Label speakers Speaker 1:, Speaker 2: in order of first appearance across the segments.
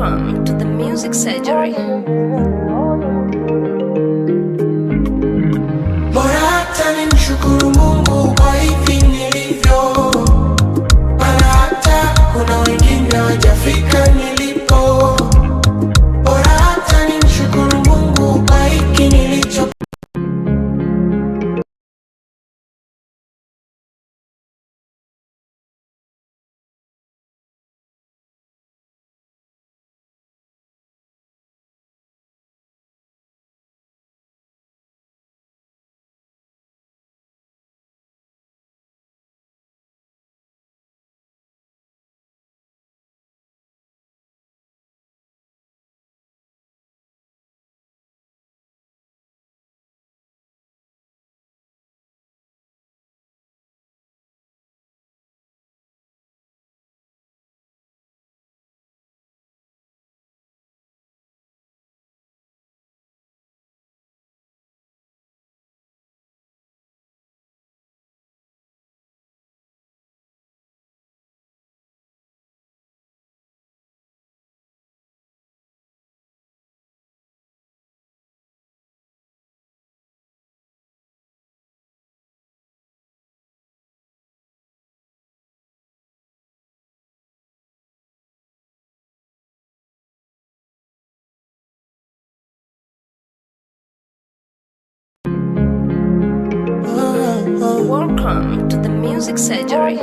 Speaker 1: home uh-huh. to the music surgery. welcome to the Music Surgery.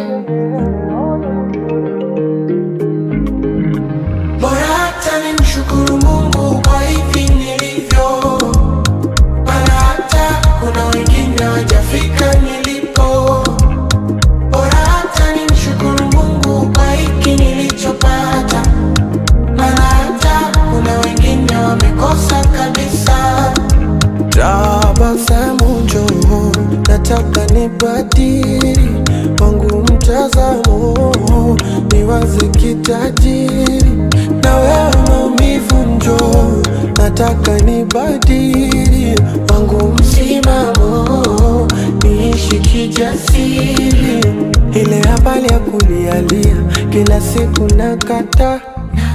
Speaker 2: ujasiri, ile habari ya kunialia kila siku nakata,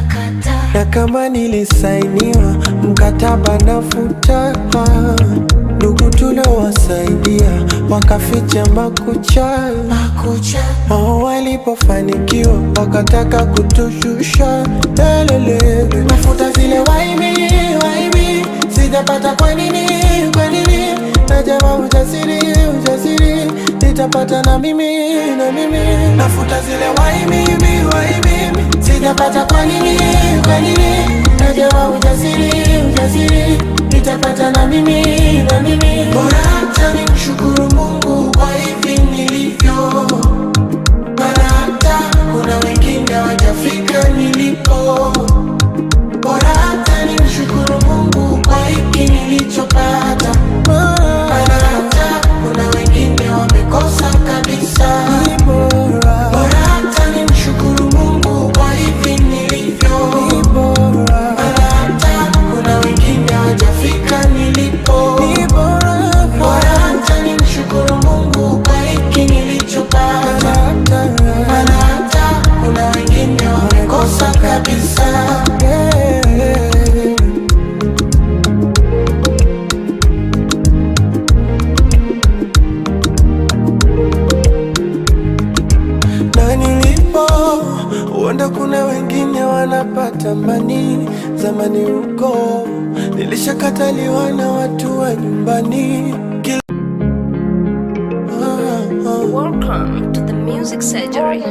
Speaker 2: kata na kama nilisainiwa mkataba nafuta.
Speaker 1: Ndugu tuliowasaidia wakaficha makucha, makucha, wao walipofanikiwa wakataka kutushusha lelele, nafuta zile waibi waibi, sijapata kwa nini, kwa nini? Najama ujasiri ujasiri nitapata na mimi na mimi, nafuta zile wai mimi wai mimi, sijapata kwa nini kwa nini, najawa ujasiri ujasiri, nitapata na mimi na mimi
Speaker 2: na watu wa nyumbani. Ah,
Speaker 1: ah. Welcome to the music surgery.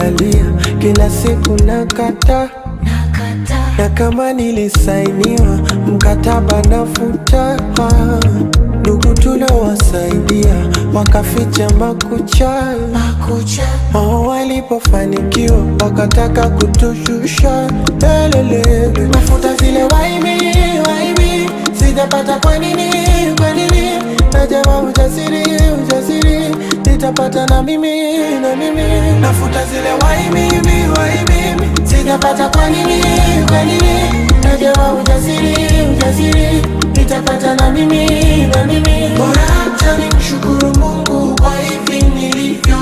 Speaker 2: nalia kila siku nakata, Na kama nilisainiwa mkataba nafuta, ndugu tuliowasaidia wakaficha makucha, makucha. Wao walipofanikiwa wakataka kutushusha lelelele,
Speaker 3: nafuta zile waimi waimi, sijapata kwa nini kwa nini, najawa ujasiri ujasiri Utapata na mimi na mimi,
Speaker 2: nafuta zile wai mimi wai mimi, sijapata kwa nini kwa nini, najawa ujasiri ujasiri, nitapata na mimi na mimi,
Speaker 3: bora acha nimshukuru Mungu kwa hivi nilivyo,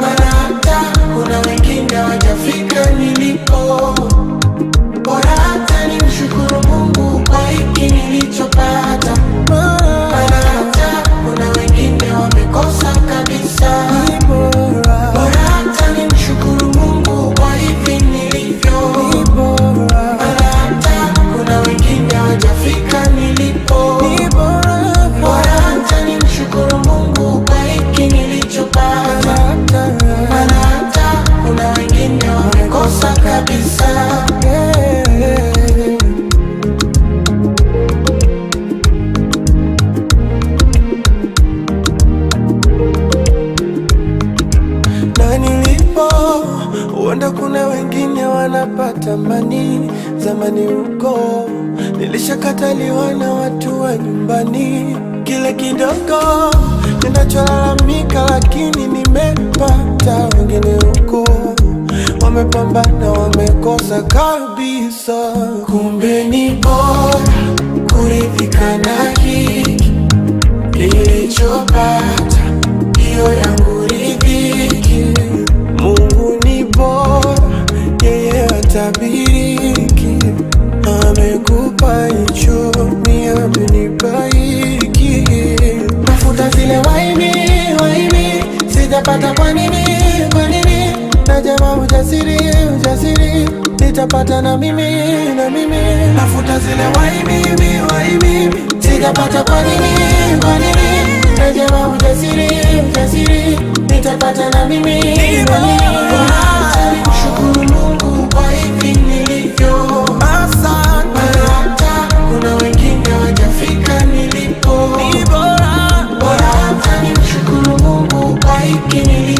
Speaker 3: mara kuna wengine wajafika nilipo.
Speaker 2: kidogo, ninacholalamika lakini nimepata. Wengine huko wamepambana, wamekosa kabisa.
Speaker 3: Kumbe ni bora kuridhika na hiki nilichopata, hiyo ya nitapata kwa nini, kwa nini? Najama ujasiri, ujasiri nitapata na mimi, na mimi nafuta zile wai mimi, wai mimi sitapata kwa nini, kwa nini? Najama ujasiri, ujasiri nitapata na mimi, na mimi. Kushukuru Mungu like it.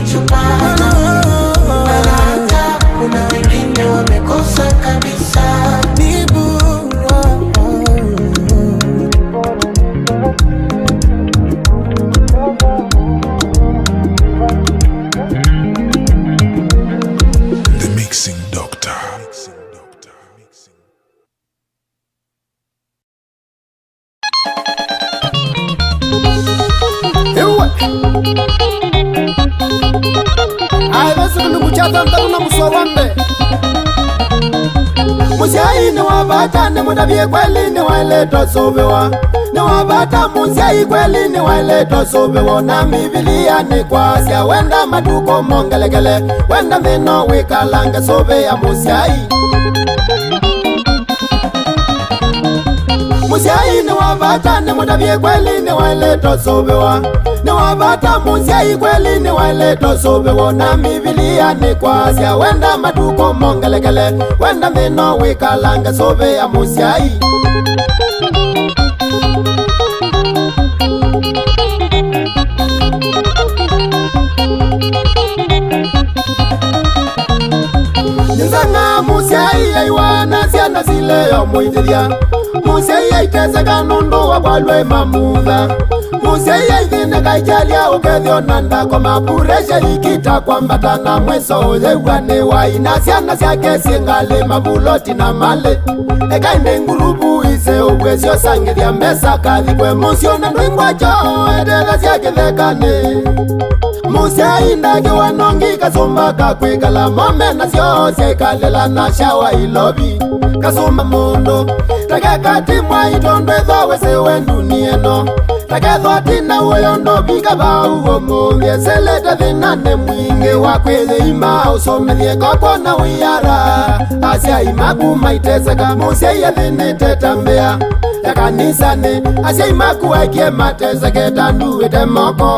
Speaker 4: sobewa niwavata munzya ikweli niweleta sobewa na mibiliya nikwasya wenda maduko mongelegele wenda mino wikalange sobe ya musyai musyai niwavata nimudavye kweli niweleta sobewa niwabata munzyai kweli niweleto suvi wona mivilia nikwasya wenda matuko mongelekele wenda mino wikalanga suvi ya munzyai ninzanga musyai yaiwana syana sileyo muitithya musyai yaitesaka nundu wakwalwe mamutha museye ithine ngaijalia ukethiona ndako mapuresha ikita na mweso wane wa inasia na ciana ciake ciingali mabuloti na Eka ime ngurubu ise ugwe ciosangithia mbeca kathikwe mucio na ndwingwacho edetha ciakithekani musyaindagi wanongi kasumba kakwikala momena cio ciaikalila na shawa ilovi kasumba mundu takekati mwaitondu ithowesiwe nduni ino takethwa tina uyo ndovinga vau omuvye selete thinane mwinge wa kwithiima usomithie kokwo na wiara asiaimaku maiteseka musiaiyethinite ta mbia ya kanisani asiaimaku aikie matesekete nduwite moko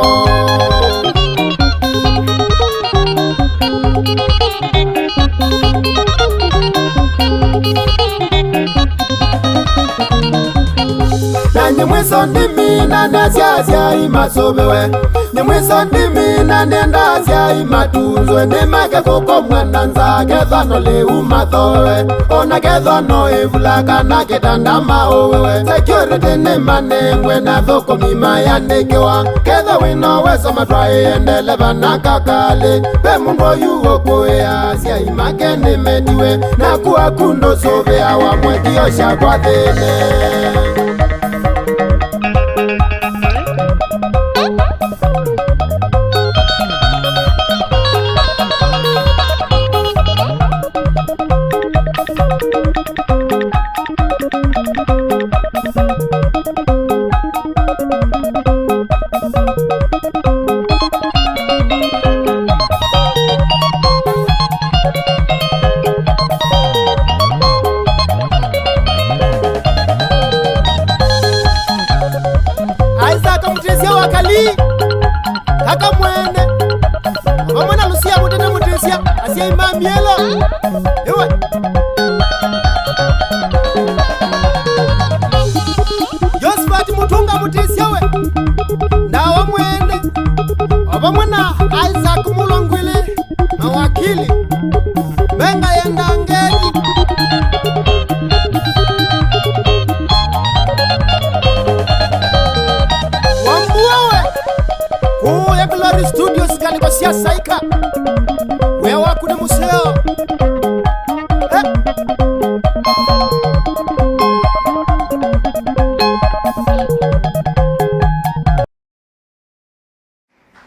Speaker 4: ni mwiso ndi mina ndasyasyayi masobewe ni mwiso ndi mina ndendasyayi matunzwe ni makekuko mwana nzake thano lihu mathowewe onake thano ivula kana kitanda maowewe sekuriti ni manengwe na thokomi mayanikiwa ketha wino wesoma twai endeleva na kakali ve mundu oyu okuia syai make ni mediwe nakuakundu suvia wa mwekio sya kwathini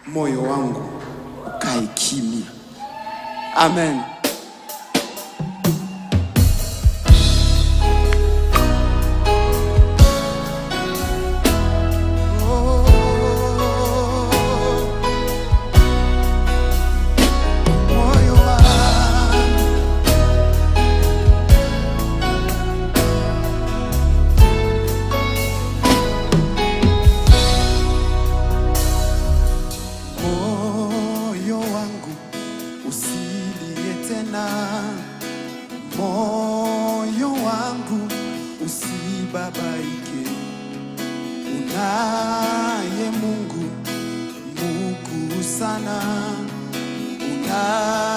Speaker 5: moyo wangu ukae kimya. Amen. tena, moyo wangu usibabaike, unaye Mungu Mungu sana una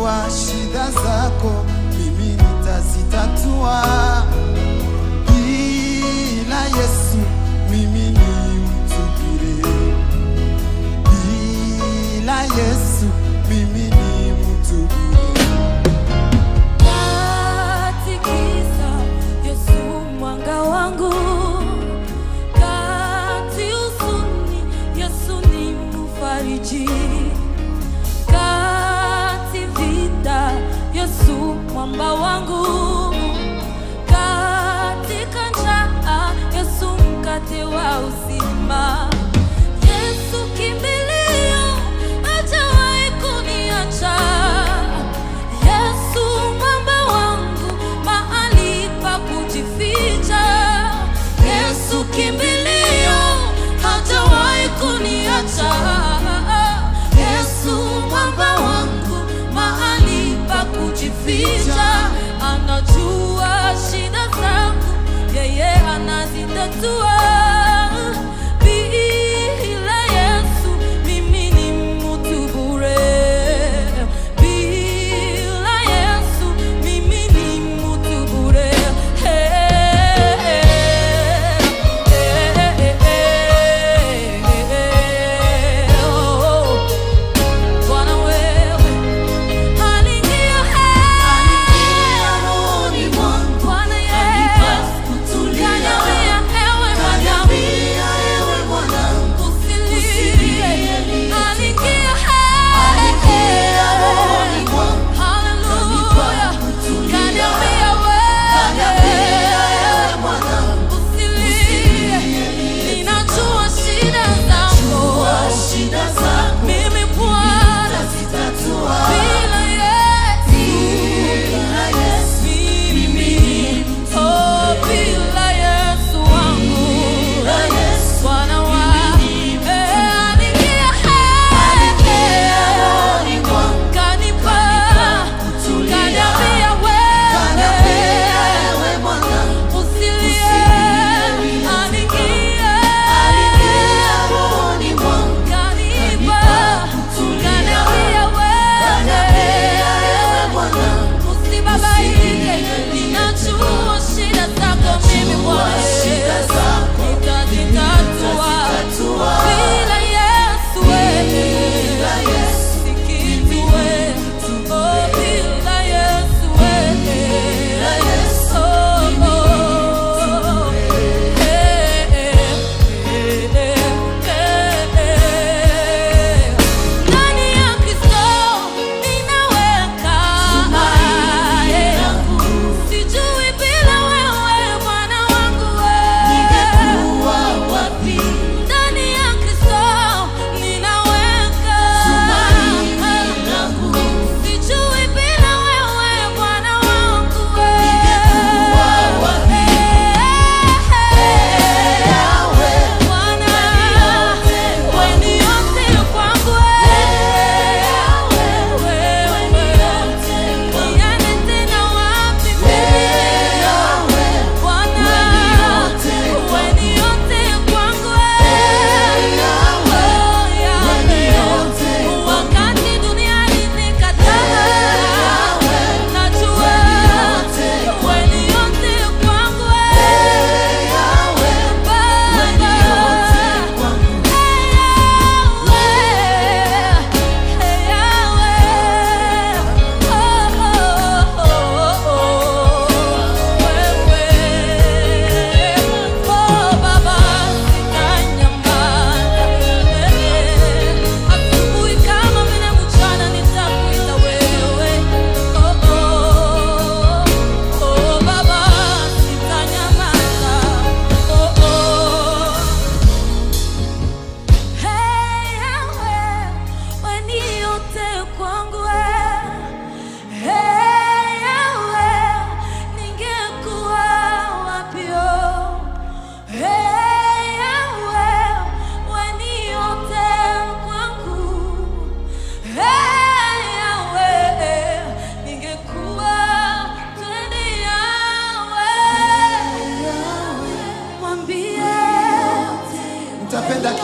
Speaker 5: Jua shida zako mimi nitazitatua, ila Yesu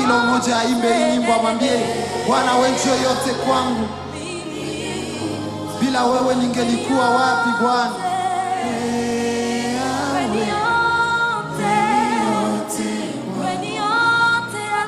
Speaker 6: kila mmoja aimbe hii nyimbo, amwambie Bwana, wewe njio yote kwangu, bila wewe ningelikuwa wapi
Speaker 7: Bwana?